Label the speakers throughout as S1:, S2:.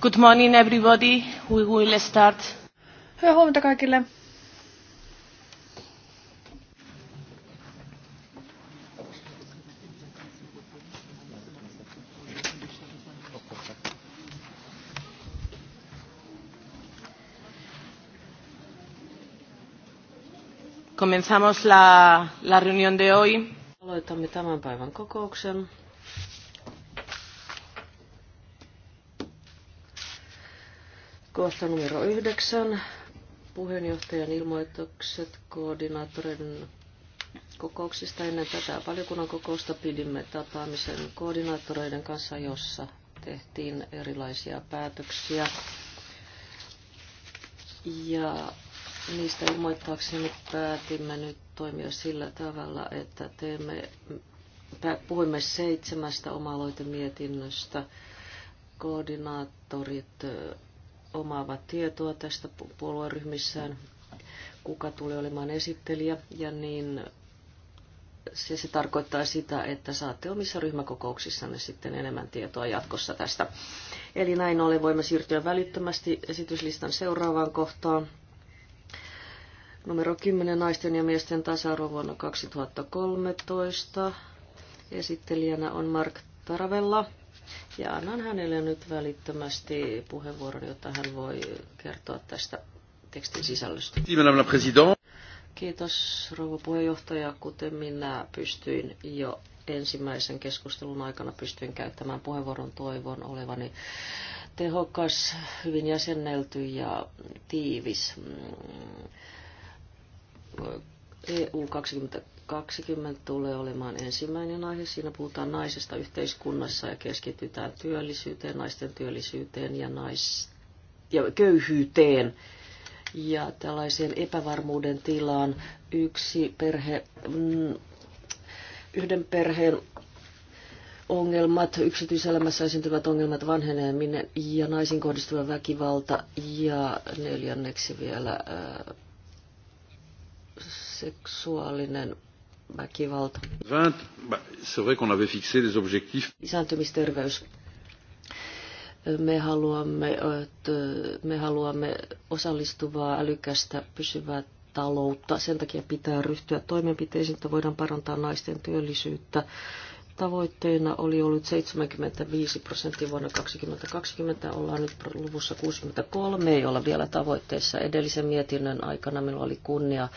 S1: Good morning everybody. We will start. Hyvää huomenta kaikille.
S2: Comenzamos la, la reunión de hoy. Aloitamme tämän päivän kokouksen. Kohta numero yhdeksän. Puheenjohtajan ilmoitukset koordinaattoreiden kokouksista. Ennen tätä valiokunnan kokousta pidimme tapaamisen koordinaattoreiden kanssa, jossa tehtiin erilaisia päätöksiä. Ja niistä ilmoittaakseni päätimme nyt toimia sillä tavalla, että teemme, puhuimme seitsemästä oma-aloitemietinnöstä. Koordinaattorit omaavat tietoa tästä puolueryhmissään, kuka tulee olemaan esittelijä, ja niin se, se tarkoittaa sitä, että saatte omissa ryhmäkokouksissanne sitten enemmän tietoa jatkossa tästä. Eli näin ollen voimme siirtyä välittömästi esityslistan seuraavaan kohtaan. Numero 10 naisten ja miesten tasa-arvo vuonna 2013. Esittelijänä on Mark Taravella. Ja annan hänelle nyt välittömästi puheenvuoron, jotta hän voi kertoa tästä tekstin sisällöstä. Kiitos rouva puheenjohtaja. Kuten minä pystyin jo ensimmäisen keskustelun aikana pystyin käyttämään puheenvuoron, toivon olevani tehokas, hyvin jäsennelty ja tiivis. Mm, EU 20 20 tulee olemaan ensimmäinen aihe. Siinä puhutaan naisesta yhteiskunnassa ja keskitytään työllisyyteen, naisten työllisyyteen ja, nais- ja köyhyyteen ja tällaiseen epävarmuuden tilaan yksi perhe, mm, yhden perheen ongelmat, yksityiselämässä esiintyvät ongelmat, vanheneminen ja naisiin kohdistuva väkivalta ja neljänneksi vielä ää, äh, seksuaalinen väkivalta. 20, Lisääntymisterveys me haluamme, että me haluamme osallistuvaa, älykästä, pysyvää taloutta. Sen takia pitää ryhtyä toimenpiteisiin, että voidaan parantaa naisten työllisyyttä tavoitteena oli ollut 75 prosenttia vuonna 2020. Ollaan nyt luvussa 63, ei olla vielä tavoitteessa. Edellisen mietinnön aikana minulla oli kunnia,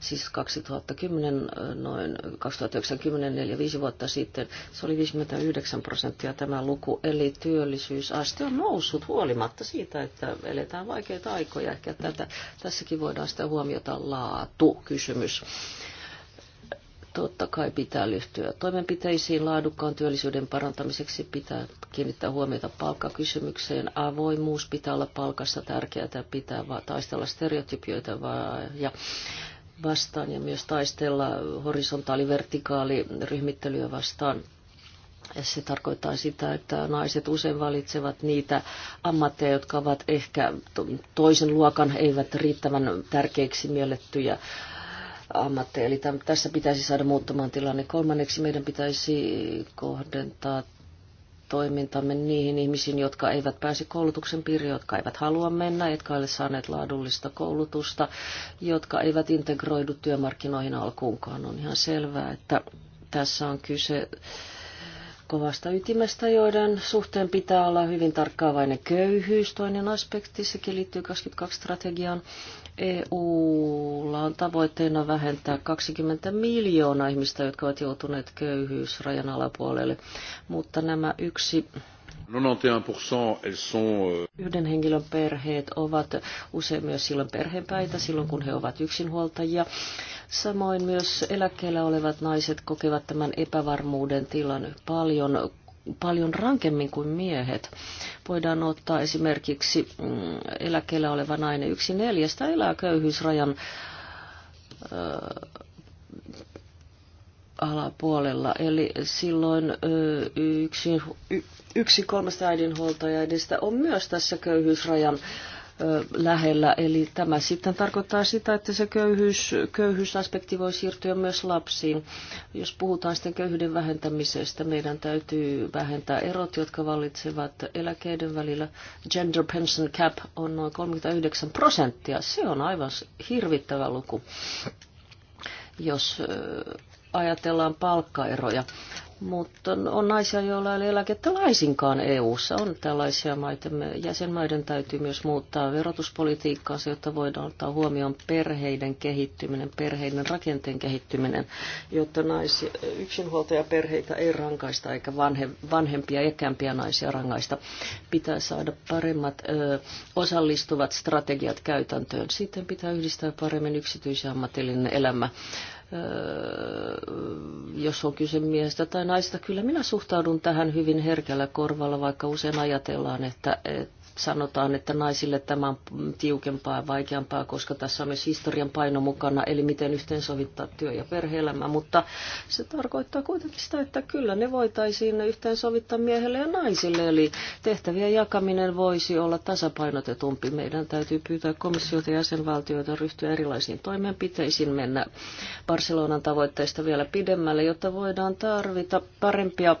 S2: siis 2010, noin 2090, viisi vuotta sitten, se oli 59 prosenttia tämä luku. Eli työllisyysaste on noussut huolimatta siitä, että eletään vaikeita aikoja. Ehkä tätä, tässäkin voidaan sitä huomiota laatu kysymys. Totta kai pitää lyhtyä toimenpiteisiin laadukkaan työllisyyden parantamiseksi, pitää kiinnittää huomiota palkkakysymykseen, avoimuus pitää olla palkassa tärkeää, pitää taistella stereotypioita ja vastaan ja myös taistella horisontaali-vertikaali ryhmittelyä vastaan. Se tarkoittaa sitä, että naiset usein valitsevat niitä ammatteja, jotka ovat ehkä toisen luokan, eivät riittävän tärkeiksi miellettyjä ammatteja. Eli tämän, tässä pitäisi saada muuttamaan tilanne. Kolmanneksi meidän pitäisi kohdentaa toimintamme niihin ihmisiin, jotka eivät pääse koulutuksen piiriin, jotka eivät halua mennä, jotka ole saaneet laadullista koulutusta, jotka eivät integroidu työmarkkinoihin alkuunkaan. On ihan selvää, että tässä on kyse kovasta ytimestä, joiden suhteen pitää olla hyvin tarkkaavainen köyhyys. Toinen aspekti, sekin liittyy 22 strategiaan. EUlla on tavoitteena vähentää 20 miljoonaa ihmistä, jotka ovat joutuneet köyhyysrajan alapuolelle, mutta nämä yksi
S1: euh,
S2: Yhden henkilön perheet ovat usein myös silloin perheenpäitä, silloin kun he ovat yksinhuoltajia. Samoin myös eläkkeellä olevat naiset kokevat tämän epävarmuuden tilan paljon paljon rankemmin kuin miehet. Voidaan ottaa esimerkiksi mm, eläkkeellä oleva nainen, yksi neljästä elää köyhyysrajan alapuolella. Eli silloin yksi, yksi kolmesta äidinhuoltaja edestä on myös tässä köyhyysrajan äh, lähellä. Eli tämä sitten tarkoittaa sitä, että se köyhyys, köyhyysaspekti voi siirtyä myös lapsiin. Jos puhutaan sitten köyhyyden vähentämisestä, meidän täytyy vähentää erot, jotka vallitsevat eläkeiden välillä. Gender pension cap on noin 39 prosenttia. Se on aivan hirvittävä luku, jos ajatellaan palkkaeroja mutta on naisia, joilla ei ole eläkettä laisinkaan EU-ssa. On tällaisia maita. Jäsenmaiden täytyy myös muuttaa verotuspolitiikkaansa, jotta voidaan ottaa huomioon perheiden kehittyminen, perheiden rakenteen kehittyminen, jotta naisia, yksinhuoltajaperheitä ei rankaista eikä vanhe, vanhempia, ekämpiä naisia rangaista. Pitää saada paremmat ö, osallistuvat strategiat käytäntöön. Sitten pitää yhdistää paremmin yksityisen ammatillinen elämä. Öö, jos on kyse miehestä tai naista. Kyllä minä suhtaudun tähän hyvin herkällä korvalla, vaikka usein ajatellaan, että, että sanotaan, että naisille tämä on tiukempaa ja vaikeampaa, koska tässä on myös historian paino mukana, eli miten yhteensovittaa työ- ja perheelämä, mutta se tarkoittaa kuitenkin sitä, että kyllä ne voitaisiin yhteensovittaa miehelle ja naisille, eli tehtävien jakaminen voisi olla tasapainotetumpi. Meidän täytyy pyytää komissiota ja jäsenvaltioita ryhtyä erilaisiin toimenpiteisiin, mennä Barcelonan tavoitteista vielä pidemmälle, jotta voidaan tarvita parempia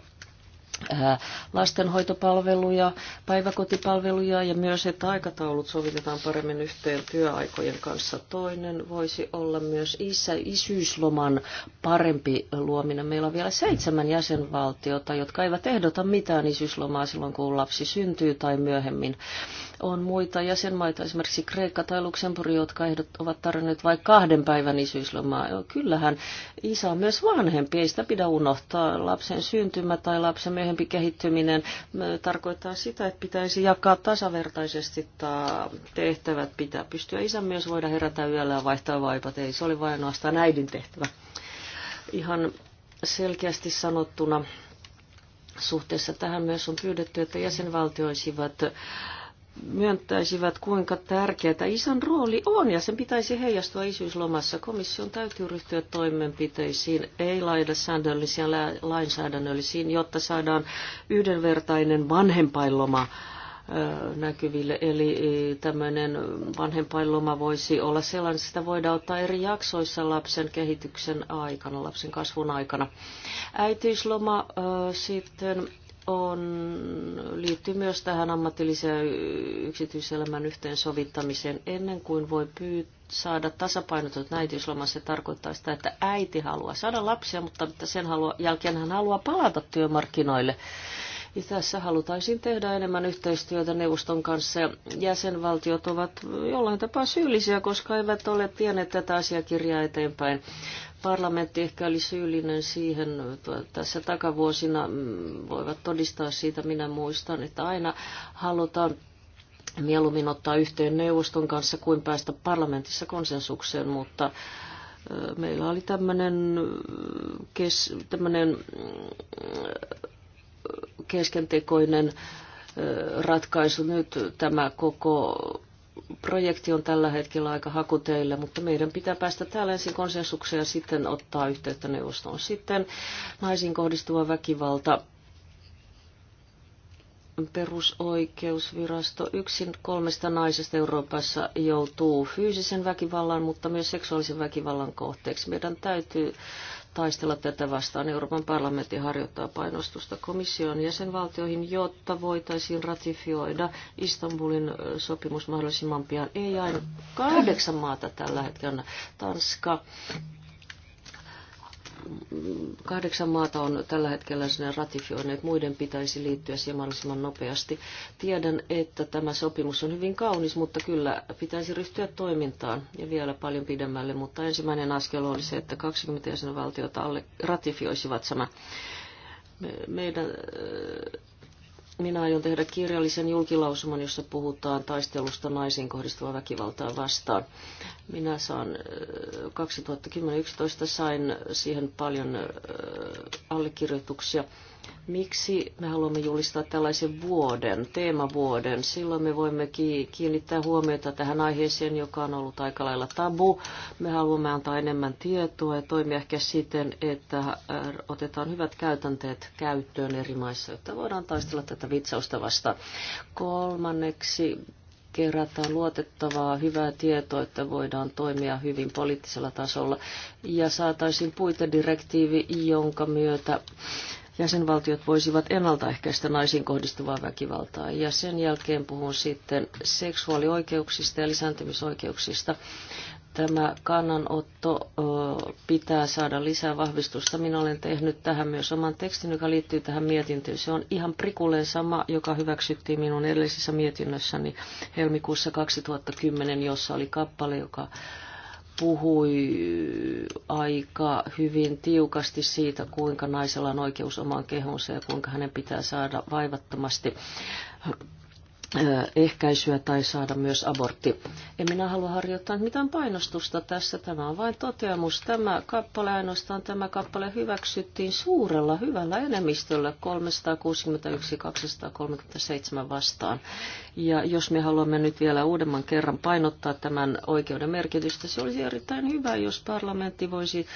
S2: lastenhoitopalveluja, päiväkotipalveluja ja myös, että aikataulut sovitetaan paremmin yhteen työaikojen kanssa. Toinen voisi olla myös isä, isyysloman parempi luominen. Meillä on vielä seitsemän jäsenvaltiota, jotka eivät ehdota mitään isyyslomaa silloin, kun lapsi syntyy tai myöhemmin. On muita jäsenmaita, esimerkiksi Kreikka tai Luxemburg, jotka ehdot, ovat tarjonneet vain kahden päivän isyyslomaa. Kyllähän isä on myös vanhempi, ei sitä pidä unohtaa. Lapsen syntymä tai lapsen myöhempi kehittyminen tarkoittaa sitä, että pitäisi jakaa tasavertaisesti tehtävät. Pitää pystyä isän myös voida herätä yöllä ja vaihtaa vaipat. Ei se oli vain ainoastaan äidin tehtävä. Ihan selkeästi sanottuna suhteessa tähän myös on pyydetty, että jäsenvaltioisivat myöntäisivät, kuinka tärkeää isän rooli on, ja sen pitäisi heijastua isyyslomassa. Komission täytyy ryhtyä toimenpiteisiin, ei laida säännöllisiä lainsäädännöllisiin, jotta saadaan yhdenvertainen vanhempainloma näkyville. Eli e, tämmöinen vanhempainloma voisi olla sellainen, sitä voidaan ottaa eri jaksoissa lapsen kehityksen aikana, lapsen kasvun aikana. Äitiysloma sitten on, liittyy myös tähän ammatilliseen yksityiselämän yhteensovittamiseen. Ennen kuin voi pyytää, saada tasapainotut äitiyslomassa, se tarkoittaa sitä, että äiti haluaa saada lapsia, mutta sen halua, jälkeen hän haluaa palata työmarkkinoille. Ja tässä halutaisiin tehdä enemmän yhteistyötä neuvoston kanssa. Jäsenvaltiot ovat jollain tapaa syyllisiä, koska eivät ole tienneet tätä asiakirjaa eteenpäin parlamentti ehkä oli syyllinen siihen tässä takavuosina, mm, voivat todistaa siitä, minä muistan, että aina halutaan mieluummin ottaa yhteen neuvoston kanssa kuin päästä parlamentissa konsensukseen, mutta meillä oli tämmöinen kes, tämmönen keskentekoinen ratkaisu nyt. Tämä koko projekti on tällä hetkellä aika hakuteille, mutta meidän pitää päästä täällä ensin konsensukseen ja sitten ottaa yhteyttä neuvostoon. Sitten naisiin kohdistuva väkivalta perusoikeusvirasto. Yksin kolmesta naisesta Euroopassa joutuu fyysisen väkivallan, mutta myös seksuaalisen väkivallan kohteeksi. Meidän täytyy taistella tätä vastaan. Euroopan parlamentti harjoittaa painostusta komission jäsenvaltioihin, jotta voitaisiin ratifioida Istanbulin sopimus mahdollisimman pian. Ei aina kahdeksan maata tällä hetkellä. Tanska, kahdeksan maata on tällä hetkellä sinne ratifioineet, muiden pitäisi liittyä siihen mahdollisimman nopeasti. Tiedän, että tämä sopimus on hyvin kaunis, mutta kyllä pitäisi ryhtyä toimintaan ja vielä paljon pidemmälle, mutta ensimmäinen askel oli se, että 20 jäsenvaltiota alle ratifioisivat sama. meidän minä aion tehdä kirjallisen julkilausuman, jossa puhutaan taistelusta naisiin kohdistuvaa väkivaltaa vastaan. Minä saan 2010-2011 sain siihen paljon allekirjoituksia. Miksi me haluamme julistaa tällaisen vuoden, teemavuoden? Silloin me voimme kiinnittää huomiota tähän aiheeseen, joka on ollut aika lailla tabu. Me haluamme antaa enemmän tietoa ja toimia ehkä siten, että äh, otetaan hyvät käytänteet käyttöön eri maissa, jotta voidaan taistella tätä vitsausta vastaan. Kolmanneksi kerätään luotettavaa, hyvää tietoa, että voidaan toimia hyvin poliittisella tasolla. Ja saataisiin puitedirektiivi, jonka myötä jäsenvaltiot voisivat ennaltaehkäistä naisiin kohdistuvaa väkivaltaa. Ja sen jälkeen puhun sitten seksuaalioikeuksista ja lisääntymisoikeuksista. Tämä kannanotto pitää saada lisää vahvistusta. Minä olen tehnyt tähän myös oman tekstin, joka liittyy tähän mietintöön. Se on ihan prikulleen sama, joka hyväksyttiin minun edellisessä mietinnössäni helmikuussa 2010, jossa oli kappale, joka puhui aika hyvin tiukasti siitä, kuinka naisella on oikeus omaan kehonsa ja kuinka hänen pitää saada vaivattomasti ehkäisyä tai saada myös abortti. En minä halua harjoittaa mitään painostusta tässä, tämä on vain toteamus. Tämä kappale ainoastaan, tämä kappale hyväksyttiin suurella hyvällä enemmistöllä 361-237 vastaan. Ja jos me haluamme nyt vielä uudemman kerran painottaa tämän oikeuden merkitystä, se olisi erittäin hyvä, jos parlamentti voisi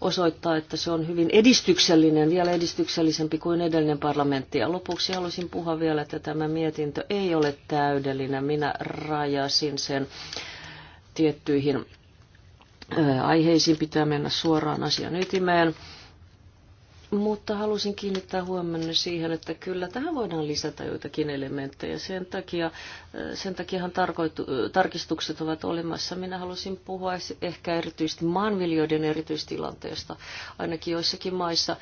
S2: osoittaa, että se on hyvin edistyksellinen, vielä edistyksellisempi kuin edellinen parlamentti. Ja lopuksi haluaisin puhua vielä, että tämä mietintö ei ole täydellinen. Minä rajasin sen tiettyihin aiheisiin, pitää mennä suoraan asian ytimeen. Mutta halusin kiinnittää huomenna siihen, että kyllä tähän voidaan lisätä joitakin elementtejä. Sen, takia, sen takiahan tarkoitu, tarkistukset ovat olemassa. Minä halusin puhua ehkä erityisesti maanviljoiden erityistilanteesta, ainakin joissakin maissa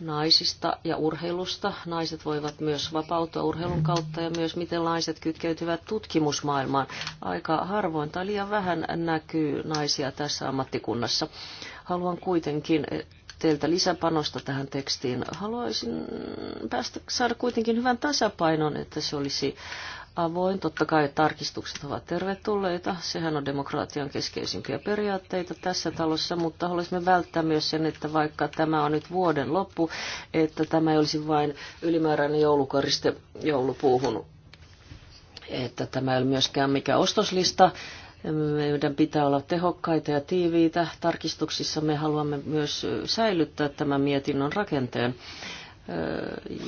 S2: naisista ja urheilusta. Naiset voivat myös vapautua urheilun kautta ja myös miten naiset kytkeytyvät tutkimusmaailmaan. Aika harvoin tai liian vähän näkyy naisia tässä ammattikunnassa. Haluan kuitenkin teiltä lisäpanosta tähän tekstiin. Haluaisin päästä saada kuitenkin hyvän tasapainon, että se olisi avoin. Totta kai tarkistukset ovat tervetulleita. Sehän on demokratian keskeisimpiä periaatteita tässä talossa, mutta haluaisimme välttää myös sen, että vaikka tämä on nyt vuoden loppu, että tämä ei olisi vain ylimääräinen joulukoriste joulupuuhun. Että tämä ei ole myöskään mikä ostoslista. Meidän pitää olla tehokkaita ja tiiviitä. Tarkistuksissa me haluamme myös säilyttää tämän mietinnön rakenteen.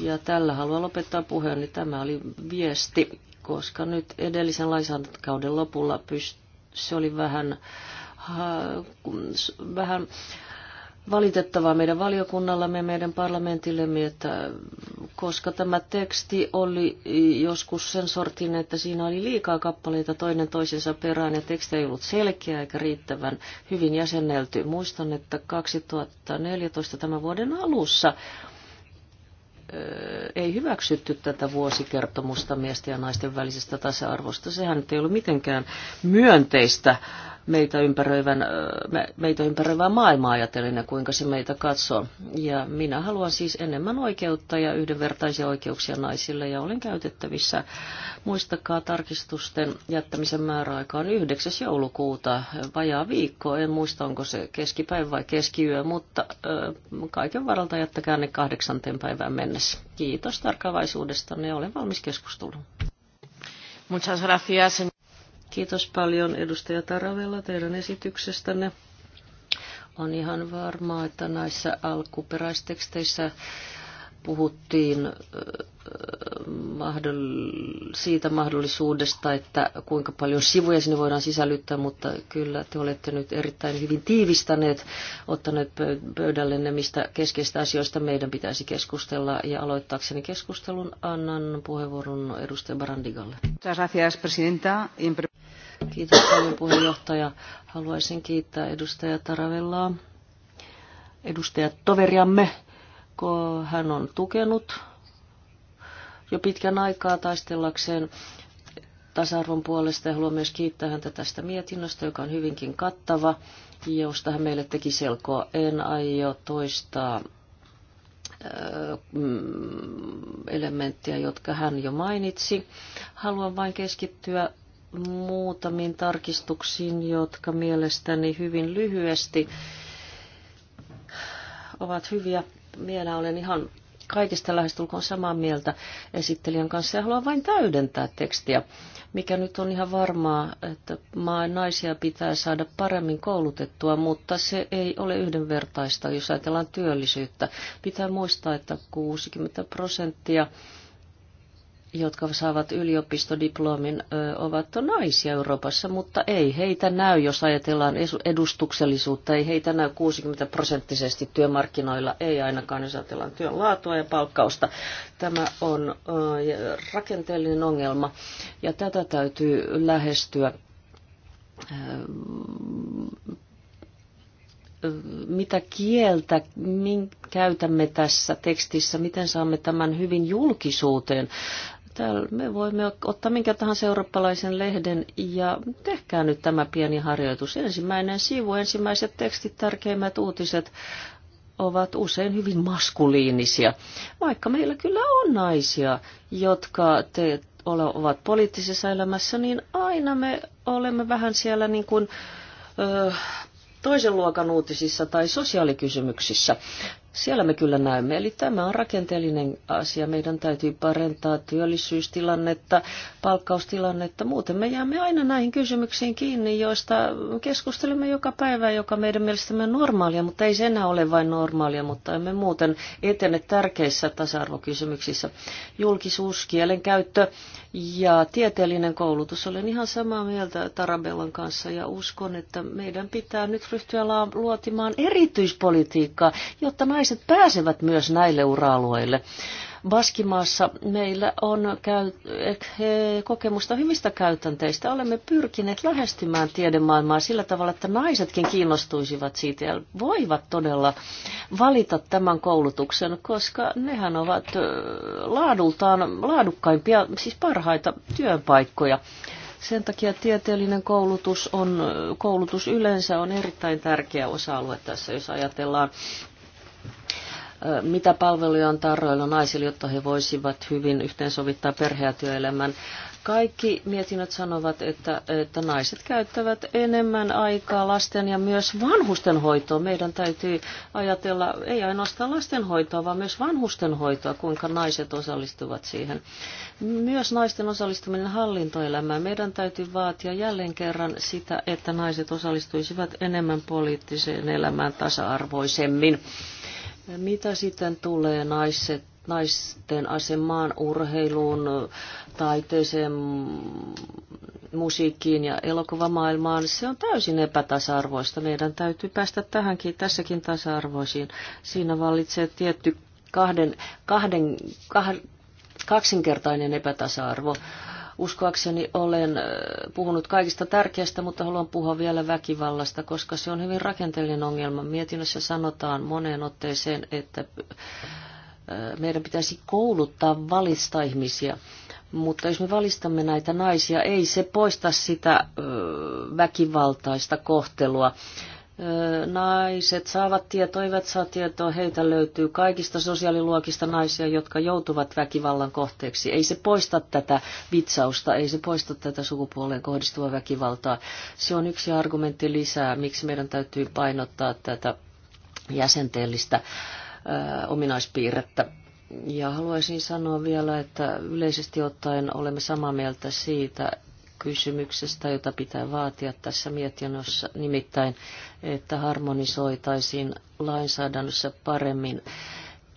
S2: Ja tällä haluan lopettaa puheen, niin tämä oli viesti koska nyt edellisen lainsäädäntökauden lopulla se oli vähän, vähän valitettavaa meidän valiokunnallamme, meidän parlamentillemme, että koska tämä teksti oli joskus sen sortin, että siinä oli liikaa kappaleita toinen toisensa perään ja teksti ei ollut selkeä eikä riittävän hyvin jäsennelty. Muistan, että 2014 tämän vuoden alussa ei hyväksytty tätä vuosikertomusta miesten ja naisten välisestä tasa-arvosta. Sehän nyt ei ollut mitenkään myönteistä meitä ympäröivän, meitä ympäröivää maailmaa ajatellen ja kuinka se meitä katsoo. Ja minä haluan siis enemmän oikeutta ja yhdenvertaisia oikeuksia naisille ja olen käytettävissä. Muistakaa tarkistusten jättämisen määräaika on 9. joulukuuta, vajaa viikko. En muista, onko se keskipäivä vai keskiyö, mutta ö, kaiken varalta jättäkää ne kahdeksanteen päivään mennessä. Kiitos tarkavaisuudesta, ja olen valmis keskusteluun. Muchas gracias, Kiitos paljon edustaja Taravella teidän esityksestänne. On ihan varmaa, että näissä alkuperäisteksteissä puhuttiin siitä mahdollisuudesta, että kuinka paljon sivuja sinne voidaan sisällyttää, mutta kyllä te olette nyt erittäin hyvin tiivistäneet, ottaneet pöydälle ne, mistä keskeistä asioista meidän pitäisi keskustella. Ja aloittaakseni keskustelun annan puheenvuoron edustaja Barandigalle. Kiitos paljon puheenjohtaja. Haluaisin kiittää edustaja Taravellaa, edustajat toveriamme hän on tukenut jo pitkän aikaa taistellakseen tasa-arvon puolesta ja haluan myös kiittää häntä tästä mietinnöstä, joka on hyvinkin kattava, josta hän meille teki selkoa. En aio toistaa mm, elementtiä, jotka hän jo mainitsi. Haluan vain keskittyä muutamiin tarkistuksiin, jotka mielestäni hyvin lyhyesti ovat hyviä vielä olen ihan kaikista lähestulkoon samaa mieltä esittelijän kanssa ja haluan vain täydentää tekstiä, mikä nyt on ihan varmaa, että maa, naisia pitää saada paremmin koulutettua, mutta se ei ole yhdenvertaista, jos ajatellaan työllisyyttä. Pitää muistaa, että 60 prosenttia jotka saavat yliopistodiplomin, ovat naisia Euroopassa, mutta ei heitä näy, jos ajatellaan edustuksellisuutta, ei heitä näy 60 prosenttisesti työmarkkinoilla, ei ainakaan, jos ajatellaan työn laatua ja palkkausta. Tämä on rakenteellinen ongelma ja tätä täytyy lähestyä mitä kieltä min, käytämme tässä tekstissä, miten saamme tämän hyvin julkisuuteen. Täällä me voimme ottaa minkä tahansa eurooppalaisen lehden ja tehkää nyt tämä pieni harjoitus. Ensimmäinen sivu, ensimmäiset tekstit, tärkeimmät uutiset ovat usein hyvin maskuliinisia, vaikka meillä kyllä on naisia, jotka te ole, ovat poliittisessa elämässä, niin aina me olemme vähän siellä niin kuin, ö, toisen luokan uutisissa tai sosiaalikysymyksissä. Siellä me kyllä näemme. Eli tämä on rakenteellinen asia. Meidän täytyy parentaa työllisyystilannetta, palkkaustilannetta. Muuten me jäämme aina näihin kysymyksiin kiinni, joista keskustelemme joka päivä, joka meidän mielestämme on normaalia, mutta ei se enää ole vain normaalia, mutta emme muuten etene tärkeissä tasa-arvokysymyksissä. Julkisuus, kielenkäyttö ja tieteellinen koulutus. Olen ihan samaa mieltä Tarabellan kanssa ja uskon, että meidän pitää nyt ryhtyä luotimaan erityispolitiikkaa, jotta naiset pääsevät myös näille ura-alueille. Baskimaassa meillä on käy, eh, eh, kokemusta hyvistä käytänteistä. Olemme pyrkineet lähestymään tiedemaailmaa sillä tavalla, että naisetkin kiinnostuisivat siitä ja voivat todella valita tämän koulutuksen, koska nehän ovat eh, laadultaan laadukkaimpia, siis parhaita työpaikkoja. Sen takia tieteellinen koulutus, on, koulutus yleensä on erittäin tärkeä osa-alue tässä, jos ajatellaan mitä palveluja on tarjoilla naisille, jotta he voisivat hyvin yhteensovittaa perhe- ja työelämän. Kaikki mietinnöt sanovat, että, että naiset käyttävät enemmän aikaa lasten ja myös vanhustenhoitoon. Meidän täytyy ajatella ei ainoastaan lastenhoitoa, vaan myös vanhustenhoitoa, kuinka naiset osallistuvat siihen. Myös naisten osallistuminen hallintoelämään. Meidän täytyy vaatia jälleen kerran sitä, että naiset osallistuisivat enemmän poliittiseen elämään tasa-arvoisemmin. Mitä sitten tulee naiset, naisten asemaan, urheiluun, taiteeseen, musiikkiin ja elokuvamaailmaan, se on täysin epätasa-arvoista. Meidän täytyy päästä tähänkin, tässäkin tasa-arvoisiin. Siinä vallitsee tietty kahden, kahden, kahden kaksinkertainen epätasa-arvo. Uskoakseni olen puhunut kaikista tärkeästä, mutta haluan puhua vielä väkivallasta, koska se on hyvin rakenteellinen ongelma. Mietinnössä sanotaan moneen otteeseen, että meidän pitäisi kouluttaa, valista ihmisiä. Mutta jos me valistamme näitä naisia, ei se poista sitä väkivaltaista kohtelua. Naiset saavat tietoa, eivät saa tietoa, heitä löytyy kaikista sosiaaliluokista naisia, jotka joutuvat väkivallan kohteeksi. Ei se poista tätä vitsausta, ei se poista tätä sukupuoleen kohdistuvaa väkivaltaa. Se on yksi argumentti lisää, miksi meidän täytyy painottaa tätä jäsenteellistä ominaispiirrettä. Ja haluaisin sanoa vielä, että yleisesti ottaen olemme samaa mieltä siitä, kysymyksestä, jota pitää vaatia tässä mietinnössä, nimittäin, että harmonisoitaisiin lainsäädännössä paremmin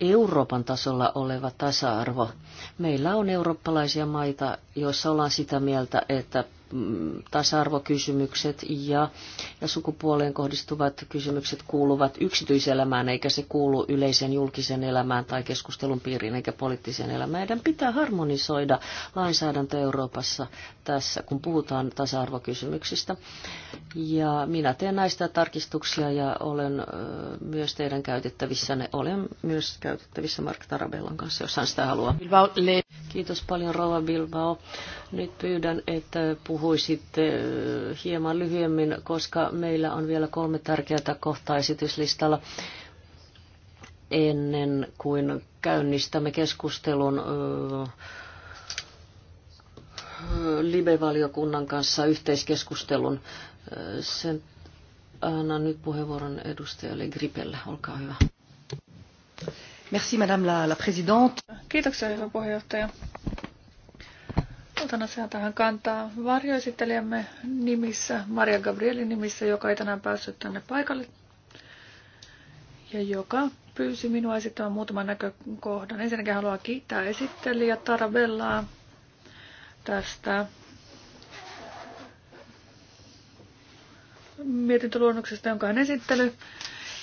S2: Euroopan tasolla oleva tasa-arvo. Meillä on eurooppalaisia maita, joissa ollaan sitä mieltä, että tasa-arvokysymykset ja, ja sukupuoleen kohdistuvat kysymykset kuuluvat yksityiselämään, eikä se kuulu yleisen julkisen elämään tai keskustelun piiriin eikä poliittiseen elämään. Meidän pitää harmonisoida lainsäädäntö Euroopassa tässä, kun puhutaan tasa-arvokysymyksistä. Ja minä teen näistä tarkistuksia ja olen myös teidän käytettävissänne. Olen myös käytettävissä Mark Tarabellan kanssa, jos hän sitä haluaa. Kiitos paljon Rova Bilbao. Nyt pyydän, että puhuisitte äh, hieman lyhyemmin, koska meillä on vielä kolme tärkeää kohtaa esityslistalla ennen kuin käynnistämme keskustelun äh, Libe-valiokunnan kanssa yhteiskeskustelun. Äh, sen annan nyt puheenvuoron edustajalle Gripelle. Olkaa hyvä. Merci, madame la, la présidente.
S1: Kiitoksia, hyvä puheenjohtaja. Iltana asiaa tähän kantaa varjoesittelijämme nimissä, Maria Gabrielin nimissä, joka ei tänään päässyt tänne paikalle ja joka pyysi minua esittämään muutaman näkökohdan. Ensinnäkin haluan kiittää esittelijä Tarabellaa tästä mietintöluonnoksesta, jonka hän esittely.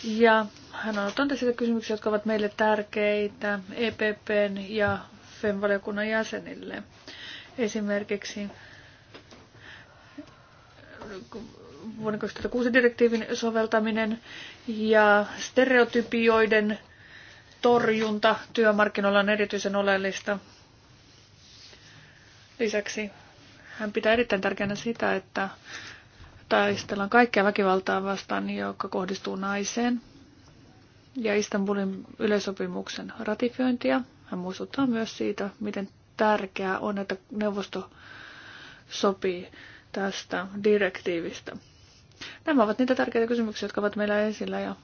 S1: Ja hän on ottanut esille kysymyksiä, jotka ovat meille tärkeitä EPPn ja FEM-valiokunnan jäsenille. Esimerkiksi vuonna 2006 direktiivin soveltaminen ja stereotypioiden torjunta työmarkkinoilla on erityisen oleellista. Lisäksi hän pitää erittäin tärkeänä sitä, että taistellaan kaikkea väkivaltaa vastaan, joka kohdistuu naiseen ja Istanbulin yleisopimuksen ratifiointia. Hän muistuttaa myös siitä, miten tärkeää on, että neuvosto sopii tästä direktiivistä. Nämä ovat niitä tärkeitä kysymyksiä, jotka ovat meillä esillä ja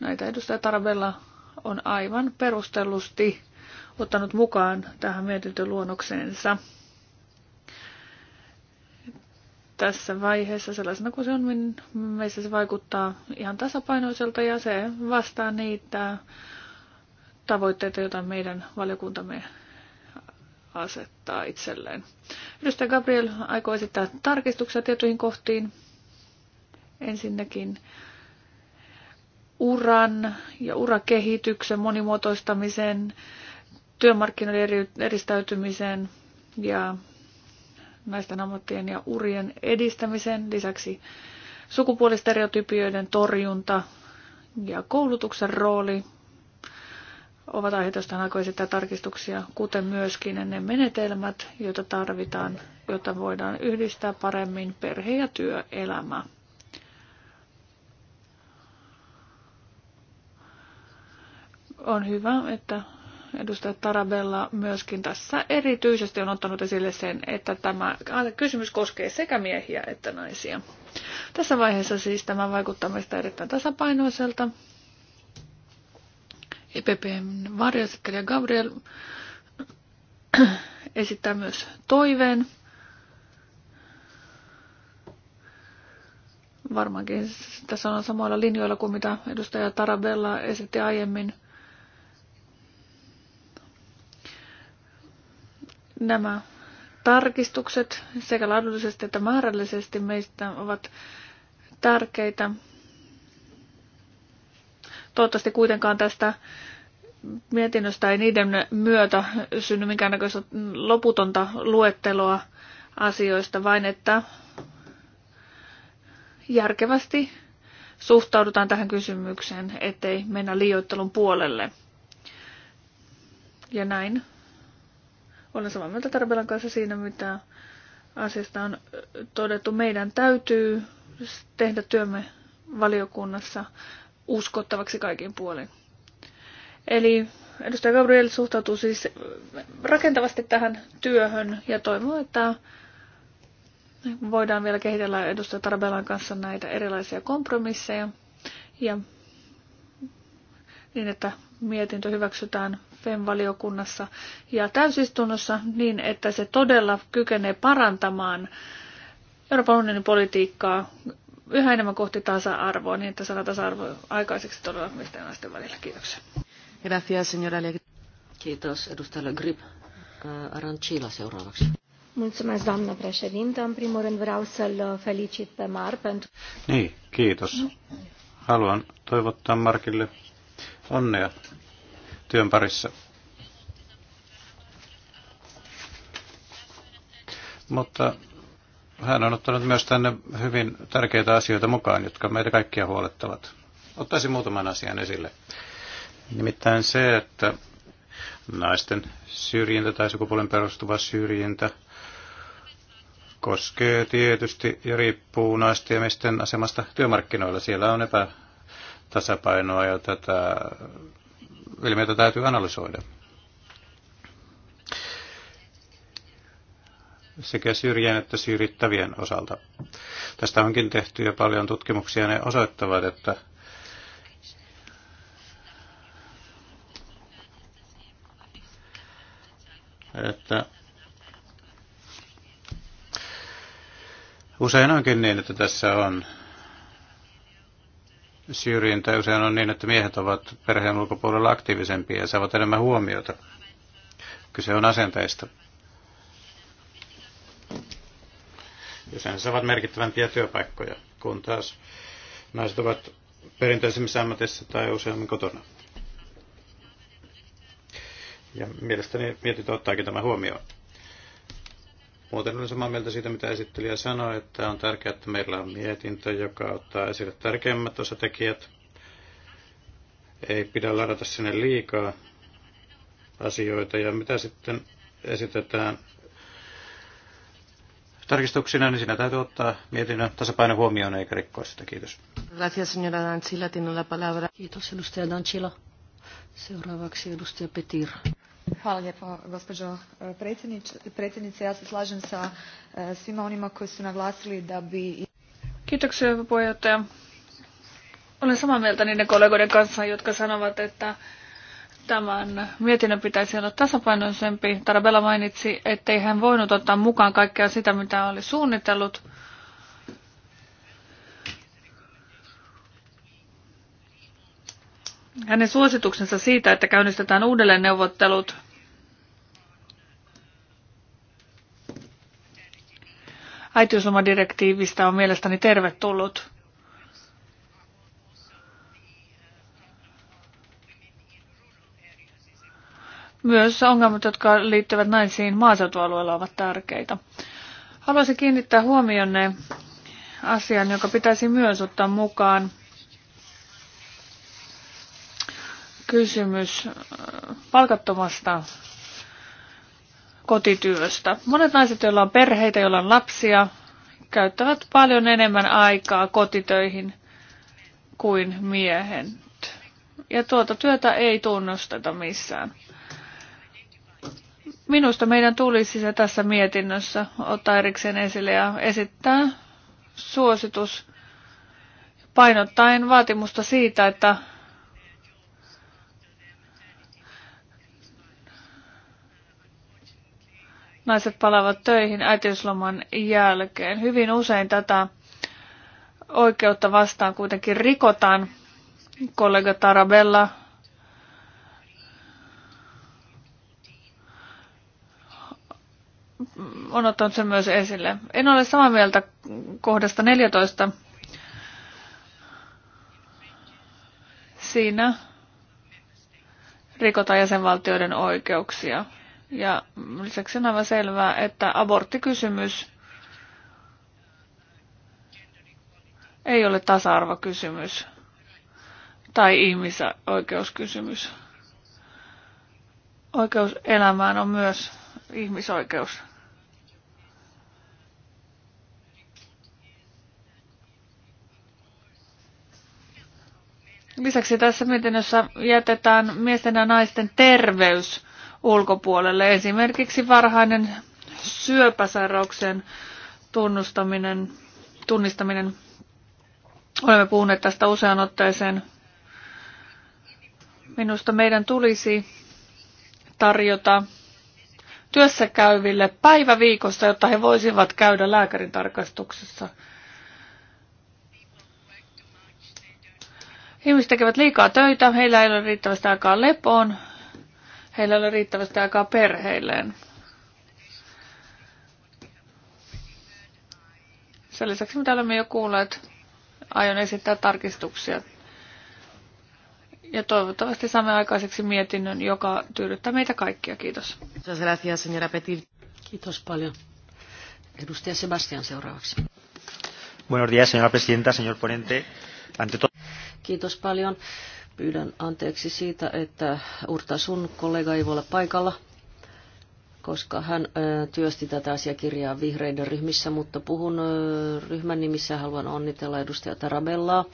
S1: näitä edustaja Tarvella on aivan perustellusti ottanut mukaan tähän mietintöluonnokseensa. Tässä vaiheessa sellaisena kuin se on, meissä se vaikuttaa ihan tasapainoiselta ja se vastaa niitä tavoitteita, joita meidän valiokuntamme asettaa itselleen. Edustaja Gabriel aikoo esittää tarkistuksia tietyihin kohtiin. Ensinnäkin uran ja urakehityksen monimuotoistamisen työmarkkinoiden eristäytymisen ja naisten ammattien ja urien edistämisen Lisäksi sukupuolistereotypioiden torjunta ja koulutuksen rooli ovat aiheet, joista tarkistuksia, kuten myöskin ne menetelmät, joita tarvitaan, jotta voidaan yhdistää paremmin perhe- ja työelämä. On hyvä, että edustaja Tarabella myöskin tässä erityisesti on ottanut esille sen, että tämä kysymys koskee sekä miehiä että naisia. Tässä vaiheessa siis tämä vaikuttaa meistä erittäin tasapainoiselta. IPPn e varjoesittelijä Gabriel esittää myös toiveen. Varmaankin tässä on samoilla linjoilla kuin mitä edustaja Tarabella esitti aiemmin. Nämä tarkistukset sekä laadullisesti että määrällisesti meistä ovat tärkeitä Toivottavasti kuitenkaan tästä mietinnöstä ei niiden myötä synny minkäännäköistä loputonta luetteloa asioista, vain että järkevästi suhtaudutaan tähän kysymykseen, ettei mennä liioittelun puolelle. Ja näin. Olen samaa mieltä Tarbelan kanssa siinä, mitä asiasta on todettu. Meidän täytyy tehdä työmme valiokunnassa uskottavaksi kaikin puolin. Eli edustaja Gabriel suhtautuu siis rakentavasti tähän työhön ja toivoo, että voidaan vielä kehitellä edustaja Tarbelan kanssa näitä erilaisia kompromisseja ja niin, että mietintö hyväksytään FEM-valiokunnassa ja täysistunnossa niin, että se todella kykenee parantamaan Euroopan unionin politiikkaa yhä enemmän kohti tasa-arvoa, niin että saadaan tasa-arvo
S2: aikaiseksi todella miesten ja naisten välillä. Kiitoksia. Gracias, señora Kiitos, edustaja Grip. Äh, Arancila seuraavaksi. Mulțumesc, doamnă președintă. În primul rând vreau să-l felicit pe Mar pentru...
S3: Niin, kiitos. Haluan toivottaa Markille onnea työn parissa. Mutta hän on ottanut myös tänne hyvin tärkeitä asioita mukaan, jotka meitä kaikkia huolettavat. Ottaisin muutaman asian esille. Nimittäin se, että naisten syrjintä tai sukupuolen perustuva syrjintä koskee tietysti ja riippuu naisten ja miesten asemasta työmarkkinoilla. Siellä on epätasapainoa ja tätä ilmiötä täytyy analysoida. sekä syrjien että syrjittävien osalta. Tästä onkin tehty jo paljon tutkimuksia, ne osoittavat, että että usein onkin niin, että tässä on syrjintä. Usein on niin, että miehet ovat perheen ulkopuolella aktiivisempia ja saavat enemmän huomiota. Kyse on asenteista. jos he saavat merkittävämpiä työpaikkoja, kun taas naiset ovat perinteisemmissä ammatissa tai useammin kotona. Ja mielestäni mietintö ottaakin tämä huomioon. Muuten olen samaa mieltä siitä, mitä esittelijä sanoi, että on tärkeää, että meillä on mietintö, joka ottaa esille tärkeimmät osatekijät. Ei pidä ladata sinne liikaa asioita. Ja mitä sitten esitetään tarkistuksina, niin siinä täytyy ottaa mietinnön tasapaino huomioon eikä rikkoa sitä. Kiitos.
S2: Gracias, señora Dancila. Tiene la palabra. Kiitos, edustaja Dancila. Seuraavaksi edustaja Petir.
S1: Hvala lijepo, gospođo e,
S2: predsjednice. Ja se slažem
S1: sa e, svima onima koji su naglasili da bi... Kiitoksia, puheenjohtaja. Olen samaa mieltä niiden kollegoiden kanssa, jotka sanovat, että tämän mietinnön pitäisi olla tasapainoisempi. Tarabella mainitsi, ettei hän voinut ottaa mukaan kaikkea sitä, mitä oli suunnitellut. Hänen suosituksensa siitä, että käynnistetään uudelleen neuvottelut äitiyslomadirektiivistä on mielestäni tervetullut. Myös ongelmat, jotka liittyvät naisiin maaseutualueella, ovat tärkeitä. Haluaisin kiinnittää huomionne asian, joka pitäisi myös ottaa mukaan. Kysymys äh, palkattomasta kotityöstä. Monet naiset, joilla on perheitä, joilla on lapsia, käyttävät paljon enemmän aikaa kotitöihin kuin miehen. Ja tuota työtä ei tunnusteta missään. Minusta meidän tulisi se tässä mietinnössä ottaa erikseen esille ja esittää suositus painottaen vaatimusta siitä, että naiset palaavat töihin äitiysloman jälkeen. Hyvin usein tätä oikeutta vastaan kuitenkin rikotaan. Kollega Tarabella on ottanut sen myös esille. En ole samaa mieltä kohdasta 14. Siinä rikotaan jäsenvaltioiden oikeuksia. Ja lisäksi on aivan selvää, että aborttikysymys ei ole tasa-arvokysymys tai ihmisoikeuskysymys. Oikeus elämään on myös ihmisoikeus. Lisäksi tässä mietinnössä jätetään miesten ja naisten terveys ulkopuolelle. Esimerkiksi varhainen syöpäsairauksien tunnustaminen, tunnistaminen. Olemme puhuneet tästä usean otteeseen. Minusta meidän tulisi tarjota työssä käyville päivä jotta he voisivat käydä lääkärin tarkastuksessa. Ihmiset tekevät liikaa töitä, heillä ei ole riittävästi aikaa lepoon, heillä ei ole riittävästi aikaa perheilleen. Sen lisäksi, mitä olemme jo kuulleet, aion esittää tarkistuksia. Ja toivottavasti saamme aikaiseksi mietinnön, joka tyydyttää meitä kaikkia. Kiitos.
S2: Kiitos paljon. Edustaja Sebastian seuraavaksi.
S3: Buenos días, señora presidenta, señor ponente. Ante todo.
S2: Kiitos paljon. Pyydän anteeksi siitä, että Urta sun kollega ei voi olla paikalla, koska hän työsti tätä asiakirjaa vihreiden ryhmissä, mutta puhun ryhmän nimissä haluan onnitella edustaja Tarabellaa.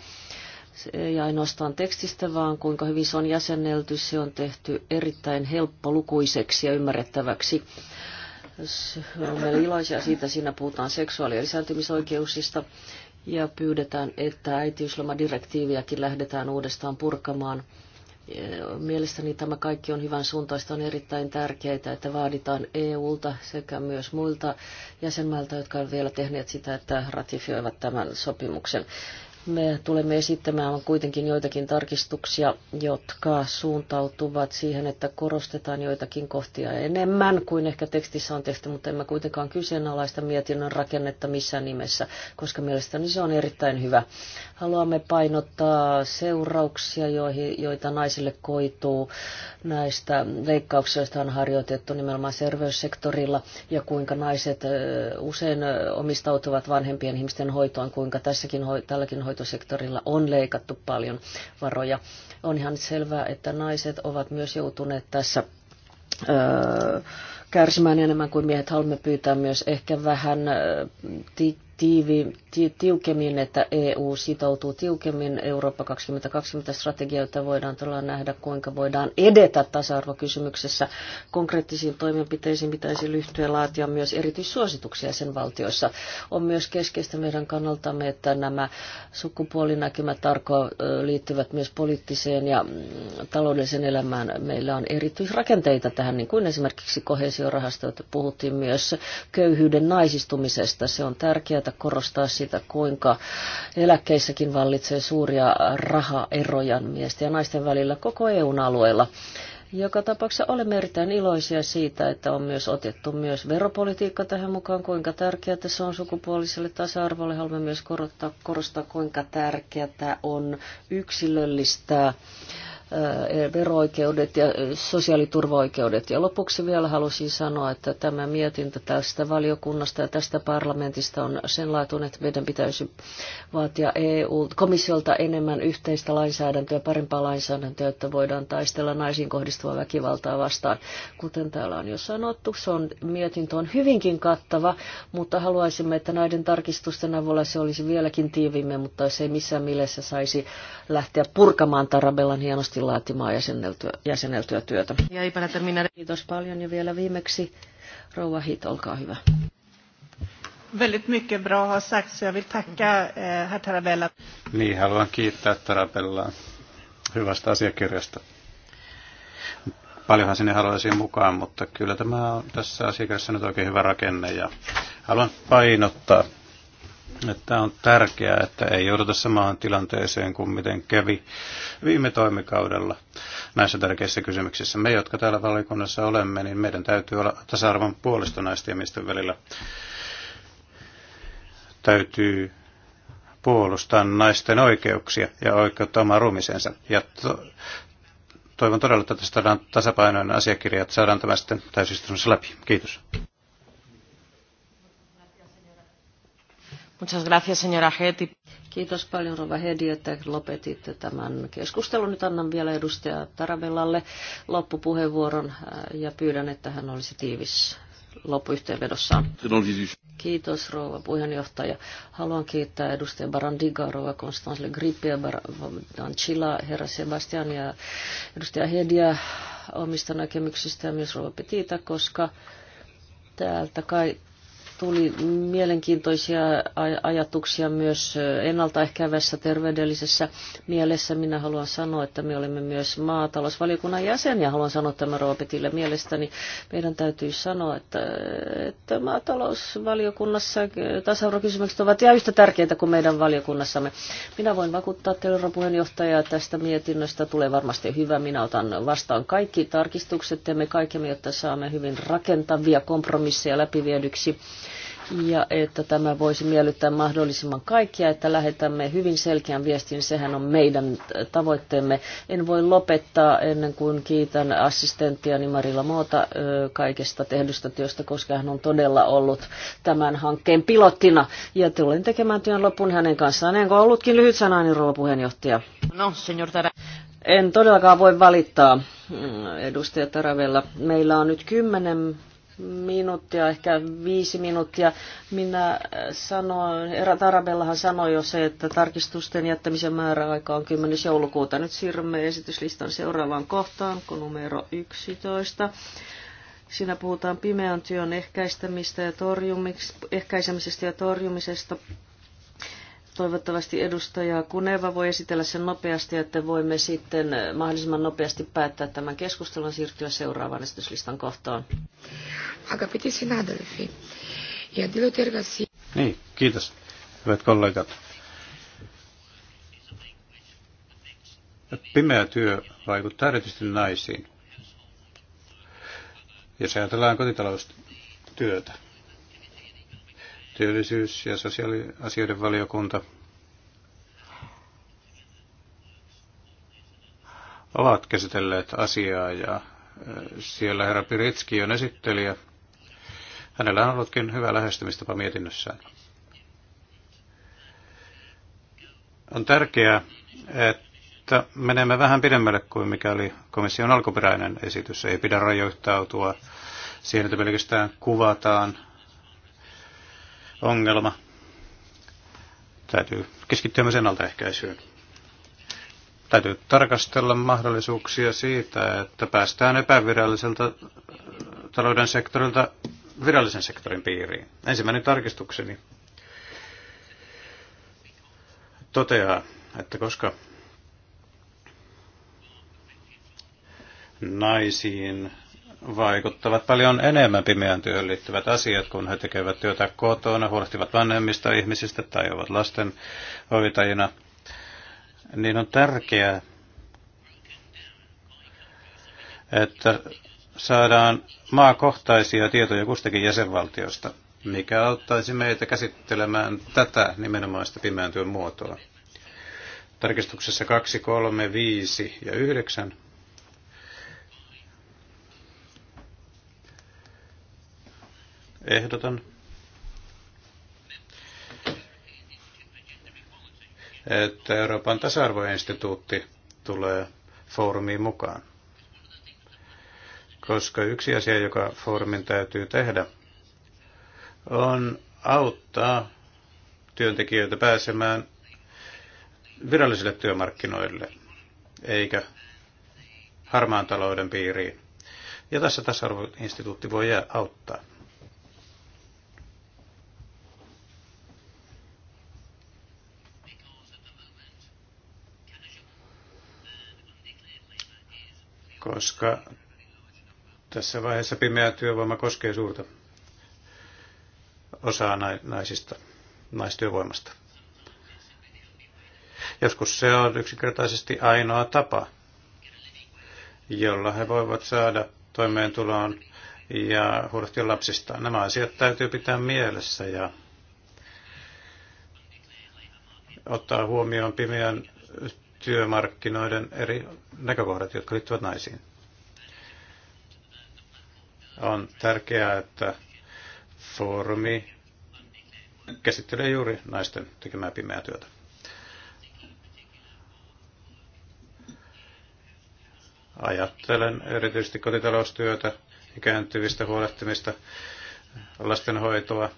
S2: Se ei ainoastaan tekstistä, vaan kuinka hyvin se on jäsennelty, se on tehty erittäin helppolukuiseksi ja ymmärrettäväksi. Olemme iloisia siitä, siinä puhutaan seksuaali- ja lisääntymisoikeuksista ja pyydetään, että äitiyslomadirektiiviäkin lähdetään uudestaan purkamaan. Mielestäni tämä kaikki on hyvän suuntaista. On erittäin tärkeää, että vaaditaan EUlta sekä myös muilta jäsenmailta, jotka ovat vielä tehneet sitä, että ratifioivat tämän sopimuksen. Me tulemme esittämään kuitenkin joitakin tarkistuksia, jotka suuntautuvat siihen, että korostetaan joitakin kohtia enemmän kuin ehkä tekstissä on tehty, mutta emme kuitenkaan kyseenalaista mietinnön rakennetta missään nimessä, koska mielestäni se on erittäin hyvä. Haluamme painottaa seurauksia, joita naisille koituu näistä leikkauksista, joista on harjoitettu nimenomaan terveyssektorilla, ja kuinka naiset usein omistautuvat vanhempien ihmisten hoitoon, kuinka tässäkin, tälläkin hoitoon hoitosektorilla on leikattu paljon varoja. On ihan selvää, että naiset ovat myös joutuneet tässä öö, kärsimään enemmän kuin miehet. Haluamme pyytää myös ehkä vähän tiivi, ti, tiukemmin, että EU sitoutuu tiukemmin Eurooppa 2020 strategioita voidaan todella nähdä, kuinka voidaan edetä tasa-arvokysymyksessä. Konkreettisiin toimenpiteisiin pitäisi lyhtyä laatia myös erityissuosituksia sen valtioissa. On myös keskeistä meidän kannaltamme, että nämä sukupuolinäkymät tarko liittyvät myös poliittiseen ja mm, taloudelliseen elämään. Meillä on erityisrakenteita tähän, niin kuin esimerkiksi kohesiorahastoita puhuttiin myös köyhyyden naisistumisesta. Se on tärkeää tärkeää korostaa sitä, kuinka eläkkeissäkin vallitsee suuria rahaeroja miesten ja naisten välillä koko eu alueella. Joka tapauksessa olemme erittäin iloisia siitä, että on myös otettu myös veropolitiikka tähän mukaan, kuinka tärkeää tässä on sukupuoliselle tasa-arvolle. Haluamme myös korottaa, korostaa, kuinka tärkeää on yksilöllistää veroikeudet ja sosiaaliturvaoikeudet. Ja lopuksi vielä halusin sanoa, että tämä mietintä tästä valiokunnasta ja tästä parlamentista on sen laatuun, että meidän pitäisi vaatia EU-komissiolta enemmän yhteistä lainsäädäntöä, parempaa lainsäädäntöä, että voidaan taistella naisiin kohdistuvaa väkivaltaa vastaan. Kuten täällä on jo sanottu, se on, mietintö on hyvinkin kattava, mutta haluaisimme, että näiden tarkistusten avulla se olisi vieläkin tiiviimmin, mutta se ei missään mielessä saisi lähteä purkamaan Tarabellan hienosti aktiivisesti laatimaan jäseneltyä, jäseneltyä työtä. Ja ei pelätä minä. Kiitos paljon ja vielä viimeksi Rouva Hit, olkaa hyvä.
S1: Väldigt mycket bra har så Jag vill tacka eh, herr Tarabella.
S3: Niin, haluan kiittää Tarabellaa hyvästä asiakirjasta. Paljonhan sinne haluaisin mukaan, mutta kyllä tämä on tässä asiakirjassa nyt oikein hyvä rakenne ja haluan painottaa että on tärkeää, että ei jouduta samaan tilanteeseen kuin miten kävi viime toimikaudella näissä tärkeissä kysymyksissä. Me, jotka täällä valiokunnassa olemme, niin meidän täytyy olla tasa-arvon puolesta naisten ja miesten välillä. Täytyy puolustaa naisten oikeuksia ja oikeutta omaan ruumisensa. Ja to- toivon todella, että tästä saadaan tasapainoinen asiakirja, että saadaan tämä sitten täysistunnossa läpi. Kiitos.
S2: Muchas gracias, señora Heti. Kiitos paljon, Rova Hedi, että lopetitte tämän keskustelun. Nyt annan vielä edustaja Tarabellalle loppupuheenvuoron äh, ja pyydän, että hän olisi tiivis loppuyhteenvedossaan. Kiitos rouva puheenjohtaja. Haluan kiittää edustaja Barandiga, rouva Constance Le Grippiä, Dancila, herra Sebastian ja edustaja Hedia omista näkemyksistä ja myös rouva Petita, koska täältä kai tuli mielenkiintoisia ajatuksia myös ennaltaehkäisessä terveydellisessä mielessä. Minä haluan sanoa, että me olemme myös maatalousvaliokunnan jäseniä. Haluan sanoa tämän Roopetille mielestäni. Meidän täytyy sanoa, että, että maatalousvaliokunnassa tasa-arvokysymykset ovat ja yhtä tärkeitä kuin meidän valiokunnassamme. Minä voin vakuuttaa teille, puheenjohtaja, tästä mietinnöstä tulee varmasti hyvä. Minä otan vastaan kaikki tarkistukset. me kaikemme jotta saamme hyvin rakentavia kompromisseja läpiviedyksi ja että tämä voisi miellyttää mahdollisimman kaikkia, että lähetämme hyvin selkeän viestin, sehän on meidän tavoitteemme. En voi lopettaa ennen kuin kiitän assistenttiani Marilla Moota kaikesta tehdystä työstä, koska hän on todella ollut tämän hankkeen pilottina. Ja tulen tekemään työn lopun hänen kanssaan. Enkä ollutkin lyhyt sanainen rouva puheenjohtaja? No, senior Tara. En todellakaan voi valittaa, mm, edustaja Taravella. Meillä on nyt kymmenen minuuttia, ehkä viisi minuuttia. Minä sanoin, Erat Tarabellahan sanoi jo se, että tarkistusten jättämisen määräaika on 10. joulukuuta. Nyt siirrymme esityslistan seuraavaan kohtaan, kun numero 11. Siinä puhutaan pimeän työn ja ehkäisemisestä ja torjumisesta Toivottavasti edustaja Kuneva voi esitellä sen nopeasti, että voimme sitten mahdollisimman nopeasti päättää tämän keskustelun siirtyä seuraavaan esityslistan kohtaan. Agapiti Sinadelfi. Ja Niin,
S3: kiitos, hyvät kollegat. Pimeä työ vaikuttaa erityisesti naisiin. ja se ajatellaan kotitaloustyötä, työllisyys- ja sosiaaliasioiden valiokunta ovat käsitelleet asiaa ja siellä herra Piritski on esittelijä. Hänellä on ollutkin hyvä lähestymistapa mietinnössään. On tärkeää, että menemme vähän pidemmälle kuin mikä oli komission alkuperäinen esitys. Ei pidä rajoittautua siihen, että pelkästään kuvataan ongelma. Täytyy keskittyä myös ennaltaehkäisyyn. Täytyy tarkastella mahdollisuuksia siitä, että päästään epäviralliselta talouden sektorilta virallisen sektorin piiriin. Ensimmäinen tarkistukseni toteaa, että koska naisiin vaikuttavat paljon enemmän pimeän työhön liittyvät asiat, kun he tekevät työtä kotona, huolehtivat vanhemmista ihmisistä tai ovat lasten hoitajina. Niin on tärkeää, että saadaan maakohtaisia tietoja kustakin jäsenvaltiosta, mikä auttaisi meitä käsittelemään tätä nimenomaista pimeän työn muotoa. Tarkistuksessa 2, 3, 5 ja 9 ehdotan, että Euroopan tasa-arvoinstituutti tulee foorumiin mukaan. Koska yksi asia, joka foorumin täytyy tehdä, on auttaa työntekijöitä pääsemään virallisille työmarkkinoille, eikä harmaan talouden piiriin. Ja tässä tasa-arvoinstituutti voi auttaa. koska tässä vaiheessa pimeä työvoima koskee suurta osaa naisista, naistyövoimasta. Joskus se on yksinkertaisesti ainoa tapa, jolla he voivat saada toimeentuloon ja huolehtia lapsista. Nämä asiat täytyy pitää mielessä ja ottaa huomioon pimeän työmarkkinoiden eri näkökohdat, jotka liittyvät naisiin. On tärkeää, että foorumi käsittelee juuri naisten tekemää pimeää työtä. Ajattelen erityisesti kotitaloustyötä, ikääntyvistä huolehtimista, lastenhoitoa.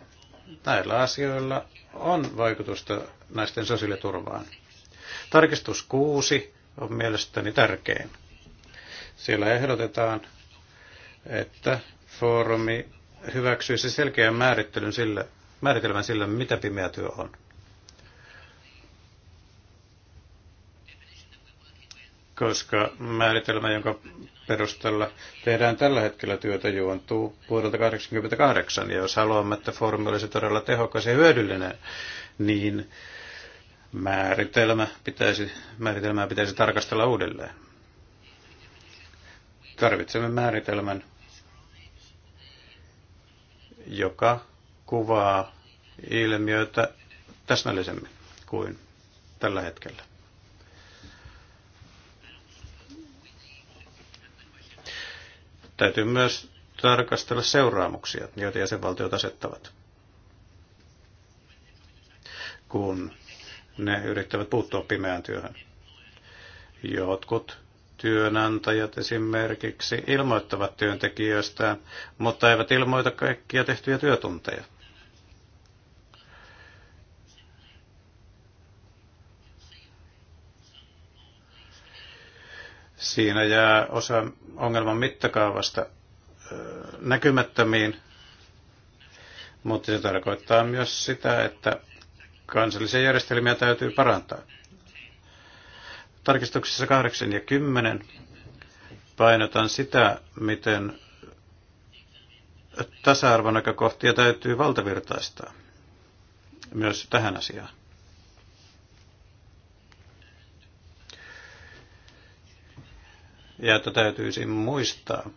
S3: Näillä asioilla on vaikutusta naisten sosiaaliturvaan. Tarkistus 6 on mielestäni tärkein. Siellä ehdotetaan, että foorumi hyväksyisi selkeän määrittelyn sille, määritelmän sille, mitä pimeä työ on. Koska määritelmä, jonka perusteella tehdään tällä hetkellä työtä, juontuu vuodelta 1988. Ja jos haluamme, että foorumi olisi todella tehokas ja hyödyllinen, niin määritelmä pitäisi, määritelmää pitäisi tarkastella uudelleen. Tarvitsemme määritelmän, joka kuvaa ilmiötä täsmällisemmin kuin tällä hetkellä. Täytyy myös tarkastella seuraamuksia, joita jäsenvaltiot asettavat, kun ne yrittävät puuttua pimeään työhön. Jotkut työnantajat esimerkiksi ilmoittavat työntekijöistään, mutta eivät ilmoita kaikkia tehtyjä työtunteja. Siinä jää osa ongelman mittakaavasta näkymättömiin, mutta se tarkoittaa myös sitä, että Kansallisia järjestelmiä täytyy parantaa. Tarkistuksissa 8 ja 10 painotan sitä, miten tasa-arvonäkökohtia täytyy valtavirtaistaa myös tähän asiaan. Ja että täytyisi muistaa,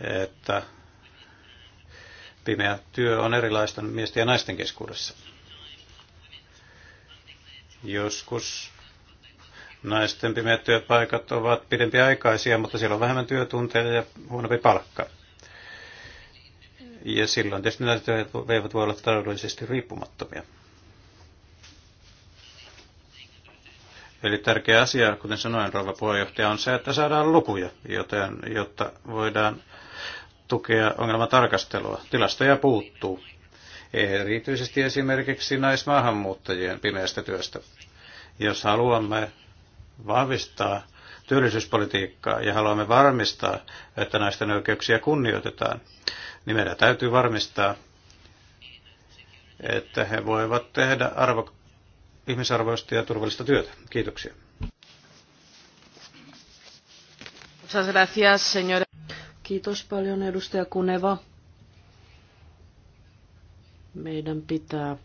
S3: että pimeä työ on erilaista miesten ja naisten keskuudessa. Joskus naisten pimeät työpaikat ovat pidempiaikaisia, mutta siellä on vähemmän työtunteja ja huonompi palkka. Ja silloin tietysti naiset eivät voi olla taloudellisesti riippumattomia. Eli tärkeä asia, kuten sanoin, rouva puheenjohtaja, on se, että saadaan lukuja, joten, jotta voidaan tukea ongelman tarkastelua. Tilastoja puuttuu erityisesti esimerkiksi naismaahanmuuttajien pimeästä työstä. Jos haluamme vahvistaa työllisyyspolitiikkaa ja haluamme varmistaa, että naisten oikeuksia kunnioitetaan, niin meidän täytyy varmistaa, että he voivat tehdä arvo, ihmisarvoista ja turvallista työtä. Kiitoksia.
S2: Kiitos paljon edustaja Kuneva. Meidän pitää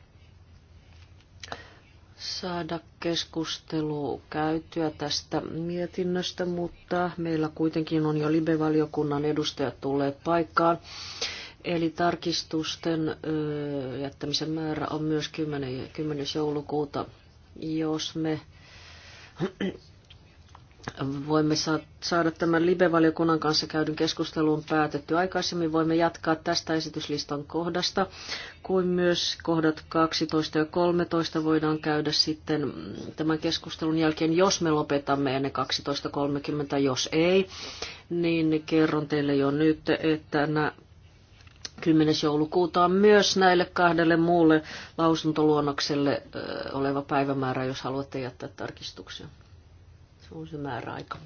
S2: saada keskustelu käytyä tästä mietinnöstä, mutta meillä kuitenkin on jo Libe-valiokunnan edustajat tulleet paikkaan. Eli tarkistusten jättämisen määrä on myös 10. 10. joulukuuta. Jos me voimme saada tämän live-valiokunnan kanssa käydyn keskustelun päätetty aikaisemmin. Voimme jatkaa tästä esityslistan kohdasta, kuin myös kohdat 12 ja 13 voidaan käydä sitten tämän keskustelun jälkeen, jos me lopetamme ennen 12.30, jos ei, niin kerron teille jo nyt, että nämä 10. joulukuuta on myös näille kahdelle muulle lausuntoluonnokselle oleva päivämäärä, jos haluatte jättää tarkistuksia se on se määräaika.